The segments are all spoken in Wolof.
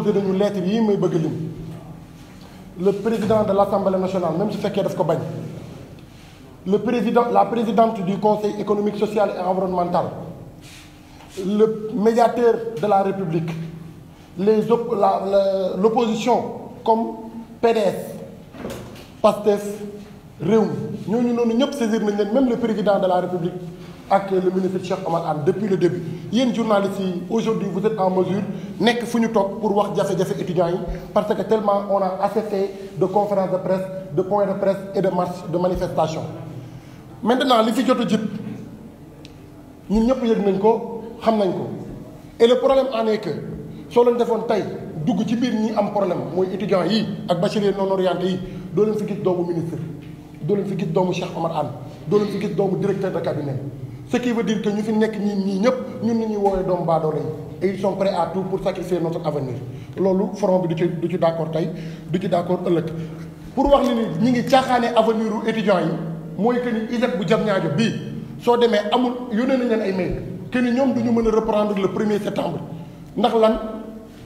déposé nañu lettre yi may bëgg lim le président de l'Assemblée nationale même su fekkee daf ko bañ le président la présidente du conseil économique social et environnemental le médiateur de la république les op la l'opposition comme PDS PASTEF réew mi ñooñu noonu ñëpp saisir nañ leen même le président de la république ak le ministre Cheikh Omar Anne depuis le début yéen journalistes yi aujourd'hui vous êtes en mesure nekk fu ñu toog pour wax jafe-jafe étudiants yi parce que tellement on a assez fait de conférences de presse de points de presse et de marches de manifestation maintenant li fi jot a jib ñun ñëpp yëg nañ ko xam nañ ko et le problème en est que soo leen defoon tey dugg ci biir ñi am problème mooy étudiants yi ak bacheliers non orientés yi doo leen fi gis doomu ministre doo fi gis doomu Cheikh Omar Anne doo leen fi gis doomu directeur de cabinet ce qui veut dire que ñu fi nekk ñi ñii ñëpp ñun ni ñuy woowee doomu baadoolo yi et ils sont prêts à tout pour sacrifier notre avenir loolu front bi du ci du d' accord tey du ci d' ëllëg pour wax ni ni ñi ngi caaxaanee avenir u étudiants yi mooy que ni ISEP bu Diamniadio bii soo demee amul yónnee nañ leen ay mail kenn ñoom du mën a reprendre le premier septembre ndax lan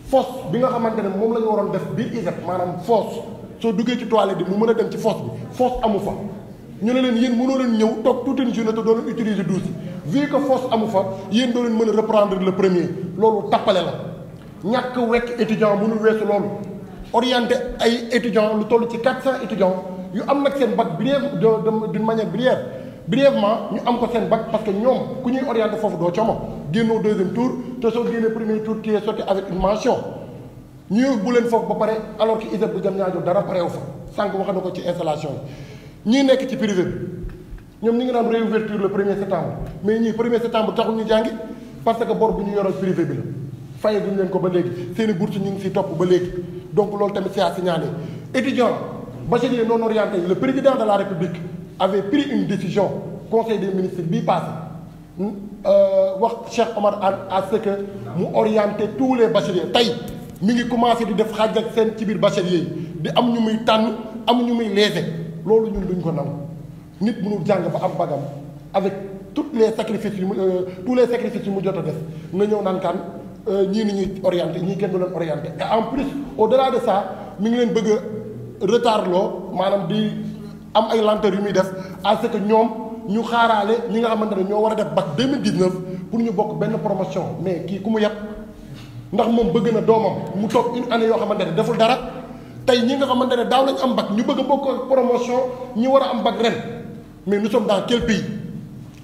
fosse bi nga xamante ne moom la ñu waroon def biir ISEP maanaam fosse soo duggee ci toilette bi mu mën a dem ci fosse bi amu fa ñu ne leen yéen mënoo leen ñëw toog toute une journée te doo leen utiliser douze vu que force amu fa yéen doo leen mën a reprendre le premier loolu tappale la ñàkk wekk étudiant mënul weesu loolu orienté ay étudiants lu toll ci quatre cent étudiants yu am nag seen bac brève de d'une manière brève brièvement ñu am ko seen bac parce que ñoom ku ñuy orienté foofu doo coomo génnoo deuxième tour te soo génnee premier tour tu es sorti avec mention ñu bu leen foofu ba pare alors que ISEP bu jam ñaajo dara pareewu fa sànq wax na ko ci installation ñii nekk ci privé bi ñoom ñi ngi naan réouverture le premier septembre mais ñi premier septembre taxul ñu jàngi parce que bor bu ñu yoral privé bi la faye duñ leen ko ba léegi seen i ñu ngi siy topp ba léegi donc loolu tamit c'est à signaler étudiant bachelier non orienté le président de la république avait pris une décision conseil des ministres bii passé euh, wax Cheikh Omar Anne à ce que mu orienté tous les bacheliers tey mi ngi commencé di def xaaj seen ci biir bachelier yi di am ñu muy tànn am ñu muy léese loolu ñun duñ ko nam nit mënul jàng ba am bagam avec tout les sacrifices yu mu euh, tous les sacrifices yu mu jot a def nga ñëw naan kaan euh, ñii ni ñuy orienté ñii kenn du leen orienté en plus au delà de ça mi ngi leen bëgg a retard maanaam di am ay lenteur yu muy def à ce que ñoom ñu xaaraale ñi nga xamante ne ñoo war a def bac 2019 pour ñu bokk benn promotion mais kii ku mu yàpp ndax moom bëgg na doomam mu toog une année yoo xamante ne deful dara. tey ñi nga xamante ne daaw lañ am bac ñu bëgg a bokk promotion ñu war a am bac ren mais nous sommes dans quel pays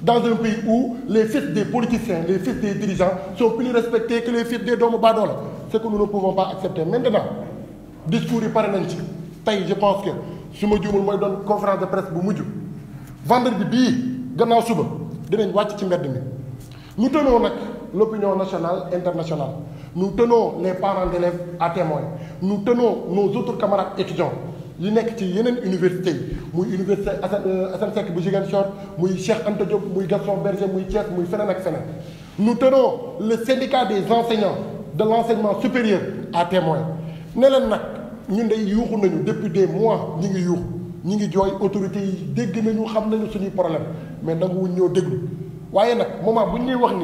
dans un pays où les fils des politiciens les fils des dirigeants sont plus respectés que les fils des doomu baadoola ce que nous ne pouvons pas accepter maintenant discours yi pare nañ ci tey je pense que su ma juumul mooy doon conférence de presse bu mujj bi bii gannaaw suba dinañ wàcc ci mbedd mi ñu tënoo nag l'opinion nationale, internationale. Nous tenons les parents d'élèves à témoin. Nous tenons nos autres camarades étudiants. li nekk ci yeneen université yi muy université euh, Assane Seck bu Ziguinchor muy Cheikh Anta Diop muy Gaston Berger muy Thiès muy feneen ak feneen nous tenons le syndicat des enseignants de l'enseignement supérieur à témoin ne leen nag ñun de yuuxu nañu depuis des mois ñi ngi yuuxu ñi ngi jooy autorités yi dégg nañu xam nañu suñuy problème mais nanguwuñ ñoo déglu waaye nag moment bu ñuy wax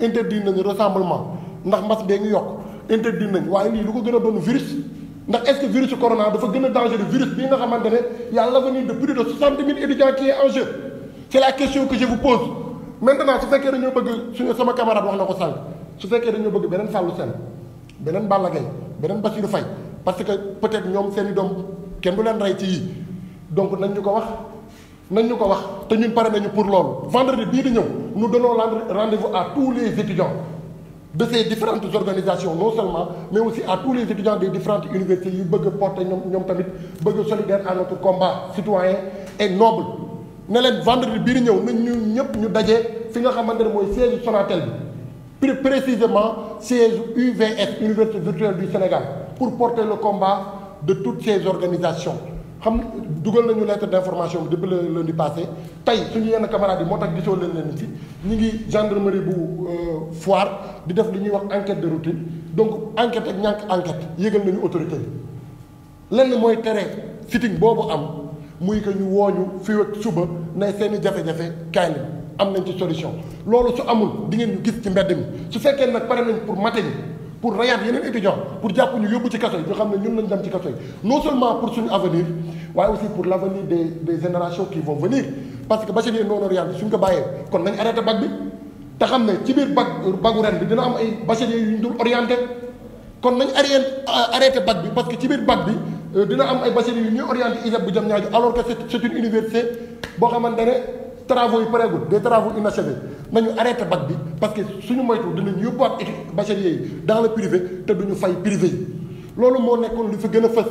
interdire nañu rassemblement ndax mbas bee ngi yokk interdire nañ waaye lii lu ko gën a doon virus ndax est virus corona dafa gën a dangereux virus bii nga xamante ne y a l'avenir de plus de soixante mille étudiants qui est en jeu c'est la question que je vous pose maintenant su fekkee dañoo bëgg su sama camarade wax na ko sànq su fekkee dañoo bëgg beneen Fallou Sène beneen Balla Gaye beneen Bassirou Faye parce que peut-être ñoom seen i doom kenn du leen rey ci yii donc nañ ñu ko wax nañ ñu ko wax te ñun pare nañu pour loolu vendredi bii ñëw nous donnons rendez-vous à tous les étudiants de ces différentes organisations non seulement mais aussi à tous les étudiants des différentes universités yu bëgg a porter ñoom ñoom tamit bëgg a solidaire à notre combat citoyen et noble ne vendredi bii ñëw nañ ñu ñëpp ñu daje fi nga xamante ne mooy siège Sonatel bi plus précisément siège UVS Université virtuelle du Sénégal pour porter le combat de toutes ces organisations xam dugal nañu lettre d'information bi depuis le lundi passé tey suñu yenn camarades yi moo tax gisoo leen leen ci ñu ngi gendarmerie bu euh, Foire di def li ñuy wax enquête de routine donc enquête ak ñàkk enquête yëgal nañu autorité yi lenn mooy tere sitting boobu am muy que ñu wooñu fii ak suba nay seen jafe-jafe kaay lañ am nañ ci solution loolu su amul di ngeen ñu gis ci mbedd mi su fekkee nag pare nañ pour mate ñi pour rayaat yeneen étudiants pour jàpp ñu yóbbu ci kaso ñu xam ne ñun lañ dem ci kaso non seulement pour suñu avenir waaye aussi pour l' avenir des des générations qui vont venir parce que bachelier non orienté suñ ko bàyyee kon nañ arrêté bac bi te xam ne ci biir bac bagu ren bi dina am ay bachelier yu ñu dul orienté kon nañ arrêté euh, arrêté bac bi parce que ci biir bac bi euh, dina am ay bachelier yu ñuy orienté ISEP bu jëm ñaaju alors que c' est une université boo xamante ne travaux yi pareegul des travaux inachevés nañu arrêté bac bi parce que suñu moytu dinañu yóbbuwaat études bacheliers yi dans le privé te duñu fay privé yi loolu moo nekkoon li fi gën a fës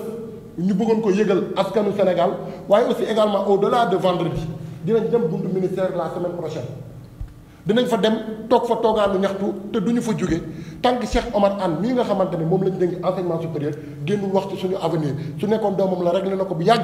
ñu bëggoon ko yëgal askanu Sénégal waaye aussi également au delà de vendredi dinañ dem buntu ministère la semaine prochaine dinañ fa dem toog fa toogaanu ñaxtu te duñu fa jóge tant que Cheikh Omar Anne mii nga xamante ne moom lañ dénk enseignement supérieur génnul wax ci suñu avenir su nekkoon doomam la réglé na ko bu yàgg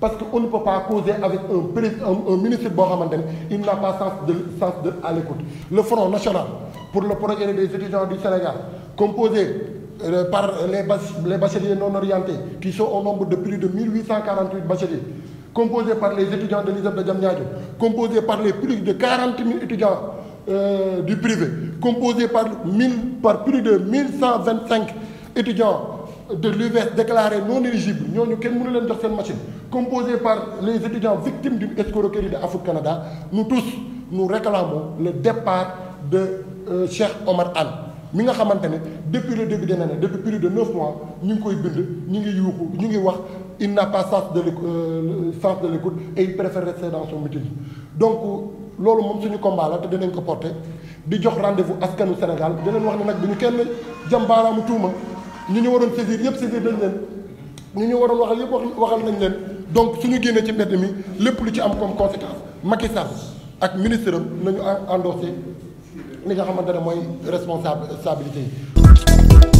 parce que on ne peut pas causer avec un président un ministre boo xamante ne il n'a pas sens de l'écoute le front national pour le projet des étudiants du Sénégal composé euh, par les bas les bacheliers non orientés qui sont au nombre de plus de bacheliers composé par les étudiants de l'ISEP de Diamniadio composé par les plus de 40 000 étudiants euh, du privé composé par mille par plus de étudiants de l'UVS déclarés non éligibles ñooñu kenn mënu leen jox seen machine composée par les étudiants victimes d'une escroquerie de Afrique Canada nous tous nous réclamons le départ de euh, Cheikh Omar Anne mi nga xamante ne depuis le début de l'année depuis plus de neuf mois ñu ngi koy bind ñu ngi yuuxu ñu ngi wax in a pas sens de euh, sens de l'écoute et il préfère rester dans son mutisme donc loolu moom suñu combat la te dinañ ko porter di jox rendez-vous askanu Sénégal dinañ wax ne nag bi ñu kenn jàmbaaraamu tuuma ñu ñu waroon saisir yëpp saisir nañ leen ñu ñu waroon waxal yëpp wax waxal nañ leen donc suñu génnee ci mbedd mi lépp lu ci am comme conséquence Macky Sall ak ministre am nañu endossé li nga xamante ne mooy responsabilité yi